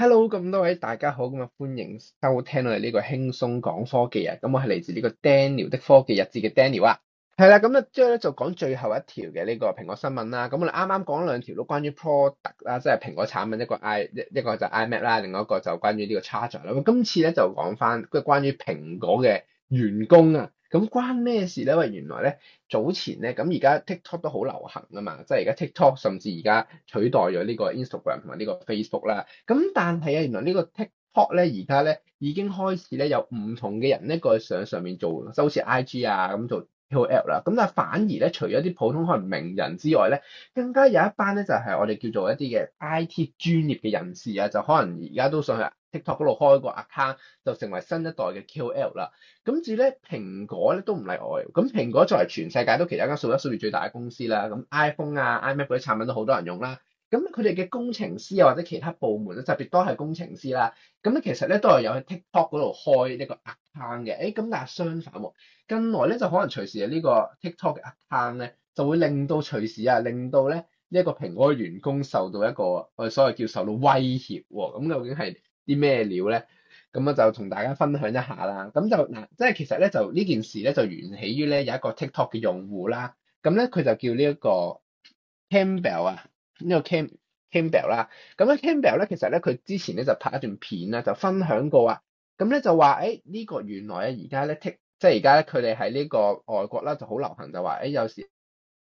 Hello，咁多位大家好，咁啊歡迎收聽我哋呢個輕鬆講科技啊，咁、嗯、我係嚟自呢個 Daniel 的科技日誌嘅 Daniel 啊，係、嗯、啦，咁咧之後咧就講最後一條嘅呢個蘋果新聞啦，咁我哋啱啱講兩條都關於 product 啦，即係蘋果產品一個 i 一一個就是 iMac 啦，另外一個就關於呢個 charger 啦，咁今次咧就講翻，即係關於蘋果嘅員工啊。咁關咩事咧？喂，原來咧早前咧，咁而家 TikTok 都好流行啊嘛，即係而家 TikTok 甚至而家取代咗呢個 Instagram 同埋呢個 Facebook 啦。咁但係啊，原來呢個 TikTok 咧，而家咧已經開始咧有唔同嘅人過去上上面做，即係好似 IG 啊咁做 KOL 啦。咁但係反而咧，除咗啲普通可能名人之外咧，更加有一班咧就係我哋叫做一啲嘅 IT 專業嘅人士啊，就可能而家都想去。TikTok 嗰度開個 account 就成為新一代嘅 KOL 啦。咁至咧蘋果咧都唔例外。咁蘋果作為全世界都其他家數一數二最大嘅公司啦，咁 iPhone 啊、iMac 嗰啲產品都好多人用啦。咁佢哋嘅工程師啊或者其他部門咧，特別多係工程師啦。咁咧其實咧都係有去 TikTok 嗰度開呢個 account 嘅。誒，咁但係相反，近來咧就可能隨時呢個 TikTok 嘅 account 咧，就會令到隨時啊令到咧呢一個蘋果嘅員工受到一個我哋所謂叫受到威脅喎。咁究竟係？啲咩料咧？咁我就同大家分享一下啦。咁就嗱，即係其實咧，就呢件事咧，就源起於咧有一個 TikTok 嘅用戶啦。咁咧，佢就叫呢一個 Campbell 啊，呢個 Cam Campbell 啦。咁咧 Campbell 咧，其實咧，佢之前咧就拍一段片啦，就分享過啊。咁咧就話，誒、欸、呢、這個原來啊，而家咧 Tik，即係而家咧佢哋喺呢個外國啦就好流行，就話誒、欸、有時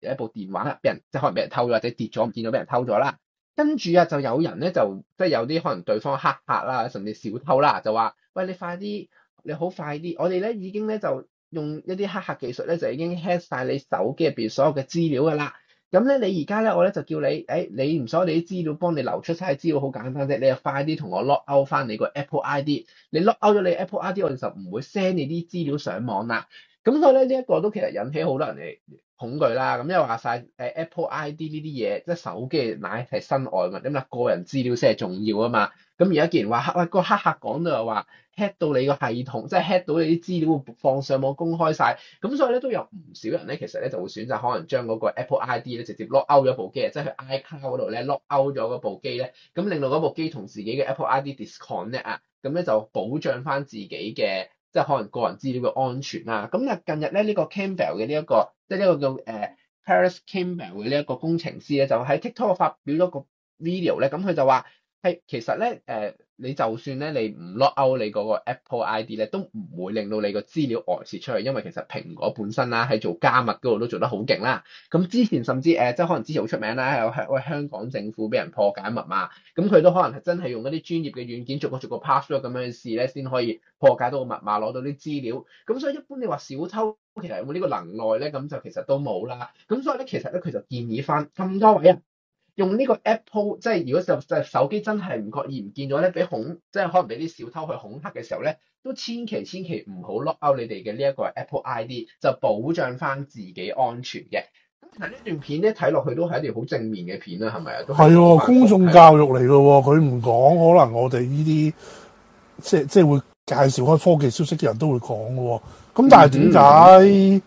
有一部電話俾人即係、就是、可能俾人偷咗，或者跌咗唔見咗，俾人偷咗啦。跟住啊，就有人咧，就即係有啲可能對方黑客啦，甚至小偷啦，就話：喂，你快啲，你好快啲！我哋咧已經咧就用一啲黑客技術咧，就已經 hack 晒你手機入邊所有嘅資料㗎啦。咁咧，你而家咧，我咧就叫你，誒、哎，你唔所你啲資料幫你流出晒資料，好簡單啫。你就快啲同我 lock out 翻你個 Apple ID，你 lock out 咗你 Apple ID，我哋就唔會 send 你啲資料上網啦。咁所以咧，呢、這、一個都其實引起好多人嘅。恐懼啦，咁因為話晒 Apple ID 呢啲嘢，即係手機乃係身外物，咁啦個人資料先係重要啊嘛。咁而家既然話黑個黑客講到話 hack 到你個系統，即係 hack 到你啲資料放上網公開晒，咁所以咧都有唔少人咧，其實咧就會選擇可能將嗰個 Apple ID 咧直接 lock out 咗部機，即係喺 iCloud 度咧 lock out 咗嗰部機咧，咁令到嗰部機同自己嘅 Apple ID disconnect 啊，咁咧就保障翻自己嘅。即係可能個人資料嘅安全啦，咁啊近日咧呢個 Campbell 嘅、這、呢一個，即係呢個叫誒 Paris Campbell 嘅呢一個工程師咧，就喺 TikTok 發表咗個 video 咧，咁佢就話係其實咧誒。呃你就算咧，你唔 lock out 你嗰個 Apple ID 咧，都唔會令到你個資料外泄出去，因為其實蘋果本身啦，喺做加密嗰度都做得好勁啦。咁之前甚至誒，即係、呃、可能之前好出名啦，有香，香港政府俾人破解密碼，咁佢都可能係真係用嗰啲專業嘅軟件逐個逐個 pass 咗咁樣試咧，先可以破解到個密碼攞到啲資料。咁所以一般你話小偷其實有冇呢個能耐咧，咁就其實都冇啦。咁所以咧，其實咧佢就建議翻咁多位啊。用呢個 Apple，即係如果就手機真係唔覺意唔見咗咧，俾恐，即係可能俾啲小偷去恐嚇嘅時候咧，都千祈千祈唔好 lock out 你哋嘅呢一個 Apple ID，就保障翻自己安全嘅。咁睇呢段片咧，睇落去都係一條好正面嘅片啦，係咪啊？係啊，公眾教育嚟嘅喎，佢唔講，可能我哋呢啲即係即係會介紹開科技消息嘅人都會講噶喎。咁但係點解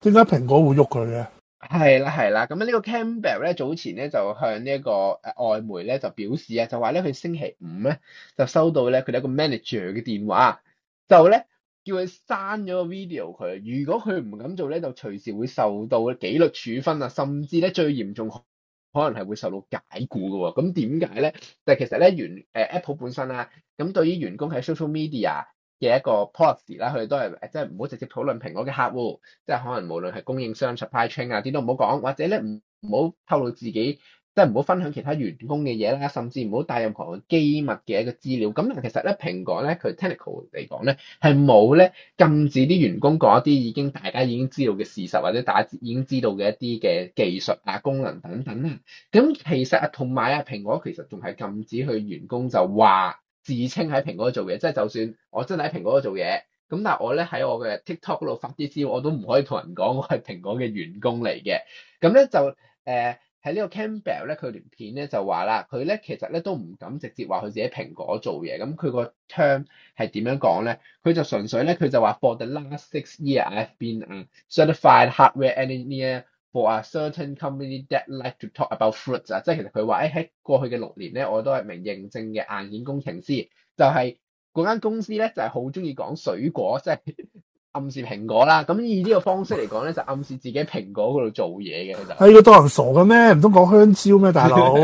點解蘋果會喐佢嘅？係啦，係啦，咁呢個 Campbell 咧早前咧就向呢一個外媒咧就表示啊，就話咧佢星期五咧就收到咧佢哋一個 manager 嘅電話，就咧叫佢刪咗個 video 佢，如果佢唔咁做咧，就隨時會受到紀律處分啊，甚至咧最嚴重可能係會受到解僱㗎喎。咁點解咧？就係、其實咧、呃、Apple 本身啦、啊，咁對於員工喺 social media。嘅一個 policy 啦，佢哋都係即係唔好直接討論蘋果嘅客戶，即係可能無論係供應商、yeah. supply chain 啊啲都唔好講，或者咧唔唔好透露自己，即係唔好分享其他員工嘅嘢啦，甚至唔好帶任何機密嘅一個資料。咁其實咧，蘋果咧佢 technical 嚟講咧係冇咧禁止啲員工講一啲已經大家已經知道嘅事實或者大家已經知道嘅一啲嘅技術啊功能等等啦。咁其實同埋啊蘋果其實仲係禁止佢員工就話。自稱喺蘋果度做嘢，即係就算我真係喺蘋果度做嘢，咁但係我咧喺我嘅 TikTok 度發啲資料，我都唔可以同人講我係蘋果嘅員工嚟嘅。咁咧就誒喺呢個 Campbell 咧，佢連片咧就話啦，佢咧其實咧都唔敢直接話佢自己喺蘋果做嘢。咁佢個 term 係點樣講咧？佢就純粹咧，佢就話 For the last six years, I've been a certified hardware engineer. For a certain company that like to talk about fruits 啊，即係其實佢話誒喺過去嘅六年咧，我都係名認證嘅硬件工程師，就係嗰間公司咧就係好中意講水果，即係暗示蘋果啦。咁以呢個方式嚟講咧，就是，暗示自己喺蘋果嗰度做嘢嘅就係個多人傻嘅咩？唔通講香蕉咩，大佬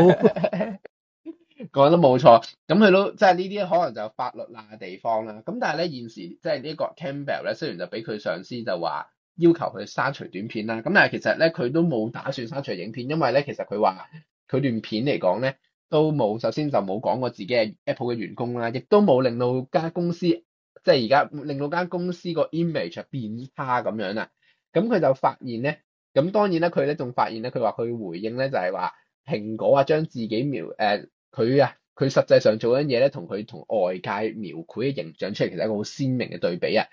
講得冇錯。咁佢都即係呢啲可能就法律難嘅地方啦。咁但係咧現時即係呢個 Campbell 咧，雖然就俾佢上司就話，要求佢刪除短片啦，咁但係其實咧佢都冇打算刪除影片，因為咧其實佢話佢段片嚟講咧都冇，首先就冇講過自己係 Apple 嘅員工啦，亦都冇令到間公司即係而家令到間公司個 image 變差咁樣啦。咁佢就發現咧，咁當然咧佢咧仲發現咧，佢話佢回應咧就係話蘋果啊將自己描誒佢啊佢實際上做緊嘢咧同佢同外界描繪嘅形象出嚟，其實係一個好鮮明嘅對比啊！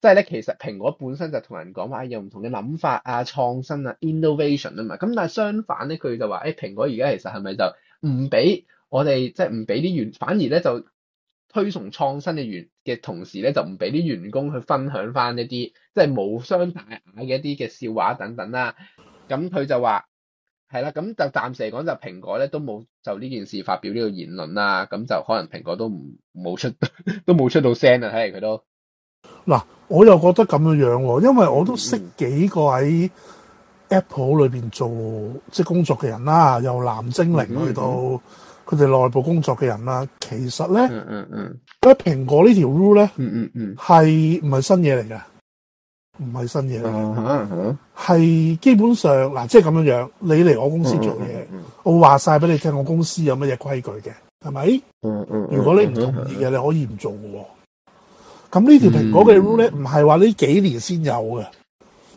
即係咧，其實蘋果本身就同人講話，有唔同嘅諗法啊、創新啊、innovation 啊嘛。咁但係相反咧，佢就話：誒、欸、蘋果而家其實係咪就唔俾我哋，即係唔俾啲員，反而咧就推崇創新嘅員嘅同時咧，就唔俾啲員工去分享翻一啲即係冇傷大雅嘅一啲嘅笑話等等啦、啊。咁佢就話係啦。咁、啊、就暫時嚟講，就蘋果咧都冇就呢件事發表呢個言論啦、啊。咁就可能蘋果都冇出 都冇出到聲啊，睇嚟佢都。嗱，我又覺得咁樣樣，因為我都識幾個喺 Apple 裏邊做即係工作嘅人啦，由藍精靈去到佢哋內部工作嘅人啦。其實咧，喺、嗯嗯、蘋果呢條 rule 咧，係唔係新嘢嚟嘅？唔係新嘢，係、嗯嗯嗯、基本上嗱，即係咁樣樣。你嚟我公司做嘢、嗯嗯嗯，我話晒俾你聽，我公司有乜嘢規矩嘅，係咪？嗯嗯、嗯。如果你唔同意嘅，你可以唔做喎。咁、嗯、呢條蘋果嘅 rule 咧，唔係話呢幾年先有嘅。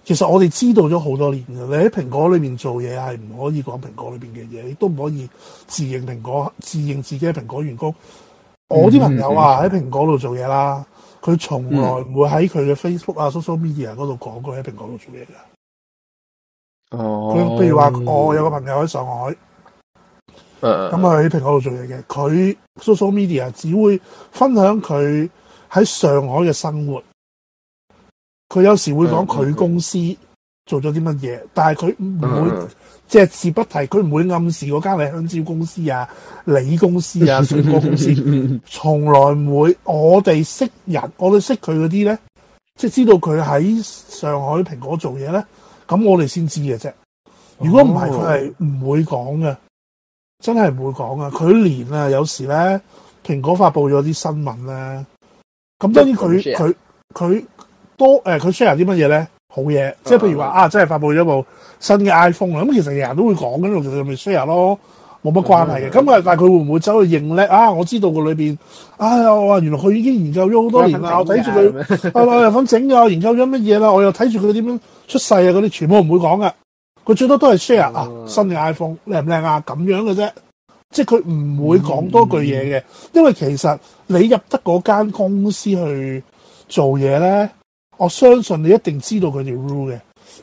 其實我哋知道咗好多年嘅。你喺蘋果裏面做嘢係唔可以講蘋果裏面嘅嘢，亦都唔可以自認蘋果、自認自己係蘋果員工。我啲朋友啊喺蘋果度做嘢啦，佢、嗯、從來唔會喺佢嘅 Facebook、嗯、啊、social media 嗰度講過喺蘋果度做嘢㗎。哦、嗯，譬如話，我有個朋友喺上海，嗯咁啊喺蘋果度做嘢嘅，佢 social media 只會分享佢。喺上海嘅生活，佢有時會講佢公司做咗啲乜嘢，但係佢唔會、嗯、隻字不提，佢唔會暗示嗰間係香蕉公司啊、你公司啊、水、嗯、果公司，從、嗯、來唔會， 我哋識人，我哋識佢嗰啲咧，即係知道佢喺上海蘋果做嘢咧，咁我哋先知嘅啫。如果唔係，佢係唔會講嘅，真係唔會講啊！佢連啊，有時咧蘋果發佈咗啲新聞咧。咁當然佢佢佢多誒佢 share 啲乜嘢咧？好嘢、嗯，即係譬如話、嗯、啊，真係發布咗部新嘅 iPhone 啦。咁其實人人都其實人人都會講緊其實就咪 share 咯，冇乜關係嘅。咁、嗯、啊，但係佢會唔會走去認叻啊？我知道個裏面，哎、啊、呀，我話原來佢已經研究咗好多年啦。我睇住佢，我我又咁整㗎，研究咗乜嘢啦？我又睇住佢點樣出世啊，嗰啲全部唔會講嘅。佢最多都係 share、嗯、啊，新嘅 iPhone 靚唔靚啊？咁樣嘅啫。即係佢唔會講多句嘢嘅、嗯嗯，因為其實你入得嗰間公司去做嘢呢，我相信你一定知道佢條 rule 嘅。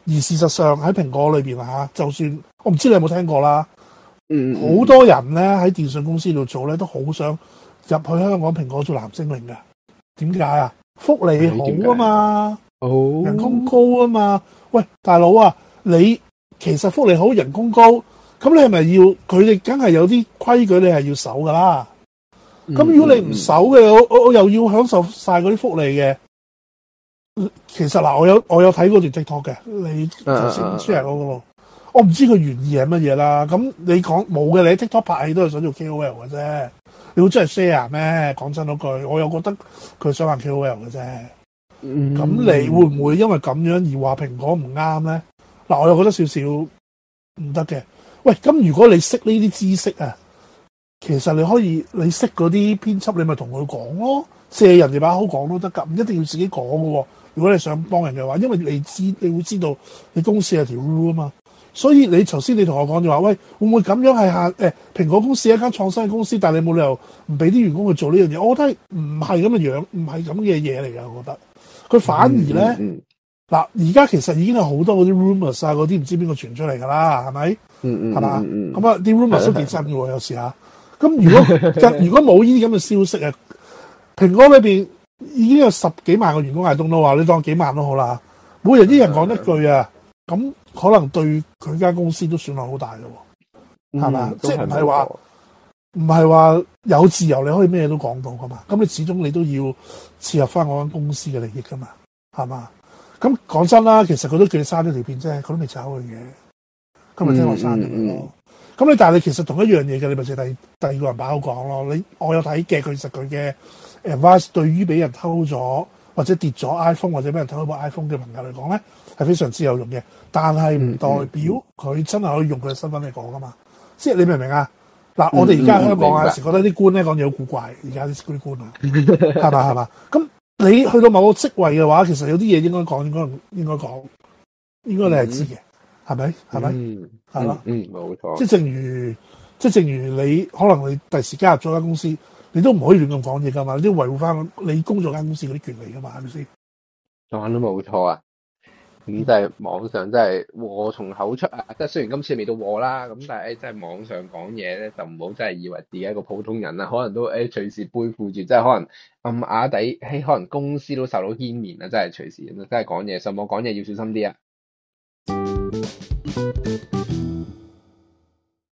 而事實上喺蘋果裏邊，就算我唔知你有冇聽過啦，嗯，好、嗯、多人呢喺電信公司度做呢，都好想入去香港蘋果做藍精靈㗎。點解啊？福利好啊嘛，嘛，哦，人工高啊嘛。喂，大佬啊，你其實福利好，人工高。咁你係咪要佢哋？梗係有啲規矩，你係要守噶啦。咁、嗯、如果你唔守嘅、嗯，我我又要享受晒嗰啲福利嘅。其實嗱，我有我有睇嗰段 TikTok 嘅，你、啊、就 share 嗰個。我唔、啊、知佢原意係乜嘢啦。咁你講冇嘅，你 TikTok 拍戲都係想做 K O L 嘅啫。你好真係 share 咩？講真嗰句，我又覺得佢想玩 K O L 嘅啫。咁、嗯、你會唔會因為咁樣而話蘋果唔啱咧？嗱，我又覺得少少唔得嘅。喂，咁如果你識呢啲知識啊，其實你可以你識嗰啲編輯，你咪同佢講咯，借人哋把口講都得㗎，唔一定要自己講喎。如果你想幫人嘅話，因為你知你會知道你公司係條路啊嘛，所以你頭先你同我講就話，喂，會唔會咁樣係下？欸，誒，蘋果公司係一間創新嘅公司，但你冇理由唔俾啲員工去做呢樣嘢。我覺得唔係咁嘅樣，唔係咁嘅嘢嚟㗎。我覺得佢反而咧。嗯嗱，而家其實已經有好多嗰啲 rumors 啊，嗰啲唔知邊個傳出嚟㗎啦，係咪？嗯嗯，係、嗯、嘛？咁啊，啲 rumors 都幾真嘅喎，有時嚇。咁如果如果冇呢啲咁嘅消息啊，蘋果裏邊已經有十幾萬個員工喺度都話，你當幾萬都好啦。每人一人講一句啊，咁可能對佢間公司都損失好大嘅喎，係嘛？即係唔係話唔係話有自由你可以咩都講到㗎嘛？咁你始終你都要契合翻我間公司嘅利益㗎嘛？係嘛？咁講真啦，其實佢都叫你刪咗條片啫，佢都未查好佢嘅，佢咪聽我刪咗咯。咁你但係你其實同一樣嘢嘅，你咪借第第二個人把口講咯。你我有睇嘅，其實佢嘅 advice 對於俾人偷咗或者跌咗 iPhone 或者俾人偷咗部 iPhone 嘅朋友嚟講咧，係非常之有用嘅。但係唔代表佢真係可以用佢嘅身份嚟講㗎嘛？即係你明唔明啊？嗱，我哋而家香港有時覺得啲官咧講嘢好古怪，而家啲嗰啲官啊，係嘛係嘛？咁。你去到某個職位嘅話，其實有啲嘢應該講，應該應該講應該你係知嘅，係咪？係咪？係咯。嗯，嗯嗯嗯、冇錯。即係正如，即係正如你可能你第時加入咗間公司，你都唔可以亂咁講嘢噶嘛，你都要維護翻你工作間公司嗰啲權利噶嘛，是是，係咪先？講得冇錯啊！咁即係網上真係禍從口出啊！即係雖然今次未到禍啦，咁但係真係網上講嘢咧，就唔好真係以為自己一個普通人啦，可能都誒隨時背負住，即係可能暗啞底，喺，欸，可能公司都受到牽連啊！真係隨時真係講嘢，上網講嘢要小心啲啊！